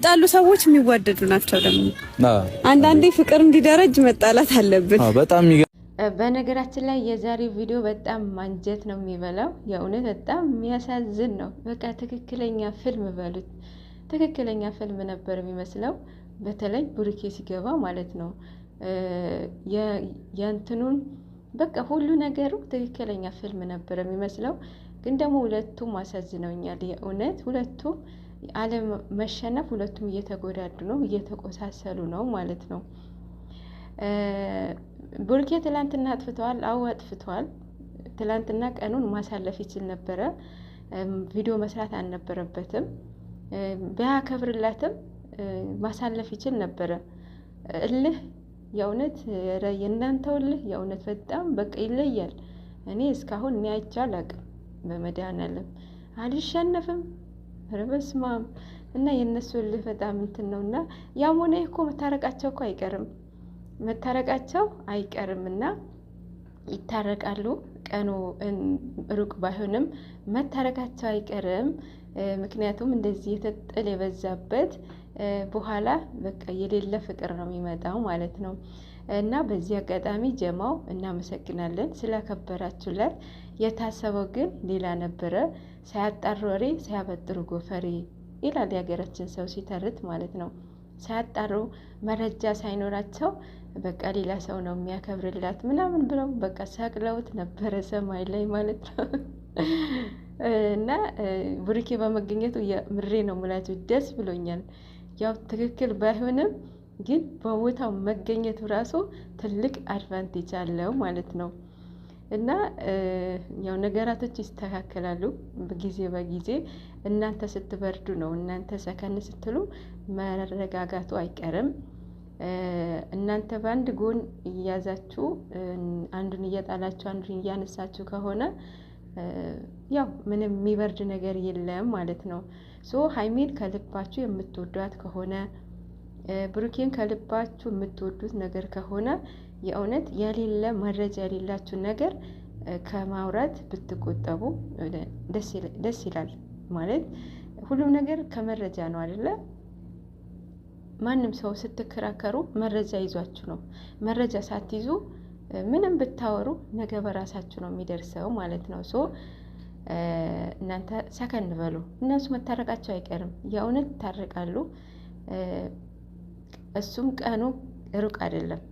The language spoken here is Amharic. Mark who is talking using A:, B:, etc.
A: የሚጣሉ ሰዎች የሚዋደዱ ናቸው። ደግሞ አንዳንዴ ፍቅር እንዲደረጅ መጣላት አለብን። በጣም በነገራችን ላይ የዛሬው ቪዲዮ በጣም ማንጀት ነው የሚበላው። የእውነት በጣም የሚያሳዝን ነው። በቃ ትክክለኛ ፊልም በሉት፣ ትክክለኛ ፊልም ነበር የሚመስለው። በተለይ ብሩኬ ሲገባ ማለት ነው የእንትኑን በቃ ሁሉ ነገሩ ትክክለኛ ፊልም ነበር የሚመስለው። ግን ደግሞ ሁለቱም አሳዝነውኛል የእውነት ሁለቱም አለመሸነፍ ሁለቱም እየተጎዳዱ ነው፣ እየተቆሳሰሉ ነው ማለት ነው። ቡርኬ ትላንትና አጥፍተዋል። አዎ አጥፍተዋል። ትላንትና ቀኑን ማሳለፍ ይችል ነበረ። ቪዲዮ መስራት አልነበረበትም። ከብርላትም ማሳለፍ ይችል ነበረ። እልህ የእውነት የእናንተው እልህ የእውነት በጣም በቃ ይለያል። እኔ እስካሁን እኔ አይቼ አላቅም። በመድኃኒዓለም አልሸነፍም ነበር። በስማም እና የእነሱ እልህ በጣም እንትን ነው እና ያም ሆነ እኮ መታረቃቸው እኮ አይቀርም መታረቃቸው አይቀርም እና ይታረቃሉ። ቀኑ ሩቅ ባይሆንም መታረቃቸው አይቀርም። ምክንያቱም እንደዚህ የተጠል የበዛበት በኋላ በቃ የሌለ ፍቅር ነው የሚመጣው ማለት ነው። እና በዚህ አጋጣሚ ጀማው እናመሰግናለን ስላከበራችሁላት። የታሰበው ግን ሌላ ነበረ። ሳያጣሩ ወሬ ሳያበጥሩ ጎፈሬ ይላል የሀገራችን ሰው ሲተርት ማለት ነው። ሳያጣሩ መረጃ ሳይኖራቸው በቃ ሌላ ሰው ነው የሚያከብርላት ምናምን ብለው በቃ ሳቅለውት ነበረ ሰማይ ላይ ማለት ነው። እና ቡሪኬ በመገኘቱ ምሬ ነው ሙላችሁ ደስ ብሎኛል። ያው ትክክል ባይሆንም ግን በቦታው መገኘቱ ራሱ ትልቅ አድቫንቴጅ አለው ማለት ነው። እና ያው ነገራቶች ይስተካከላሉ ጊዜ በጊዜ እናንተ ስትበርዱ ነው እናንተ ሰከን ስትሉ መረጋጋቱ አይቀርም። እናንተ በአንድ ጎን እያዛችሁ አንዱን እየጣላችሁ አንዱን እያነሳችሁ ከሆነ ያው ምንም የሚበርድ ነገር የለም ማለት ነው። ሶ ሀይሚን ከልባችሁ የምትወዷት ከሆነ ብሩኬን ከልባችሁ የምትወዱት ነገር ከሆነ የእውነት የሌለ መረጃ የሌላችሁ ነገር ከማውራት ብትቆጠቡ ደስ ይላል። ማለት ሁሉም ነገር ከመረጃ ነው አይደለም። ማንም ሰው ስትከራከሩ መረጃ ይዟችሁ ነው። መረጃ ሳትይዙ ምንም ብታወሩ ነገ በራሳችሁ ነው የሚደርሰው ማለት ነው። ሶ እናንተ ሰከን በሉ። እነሱ መታረቃቸው አይቀርም፣ የእውነት ይታረቃሉ። እሱም ቀኑ ሩቅ አይደለም።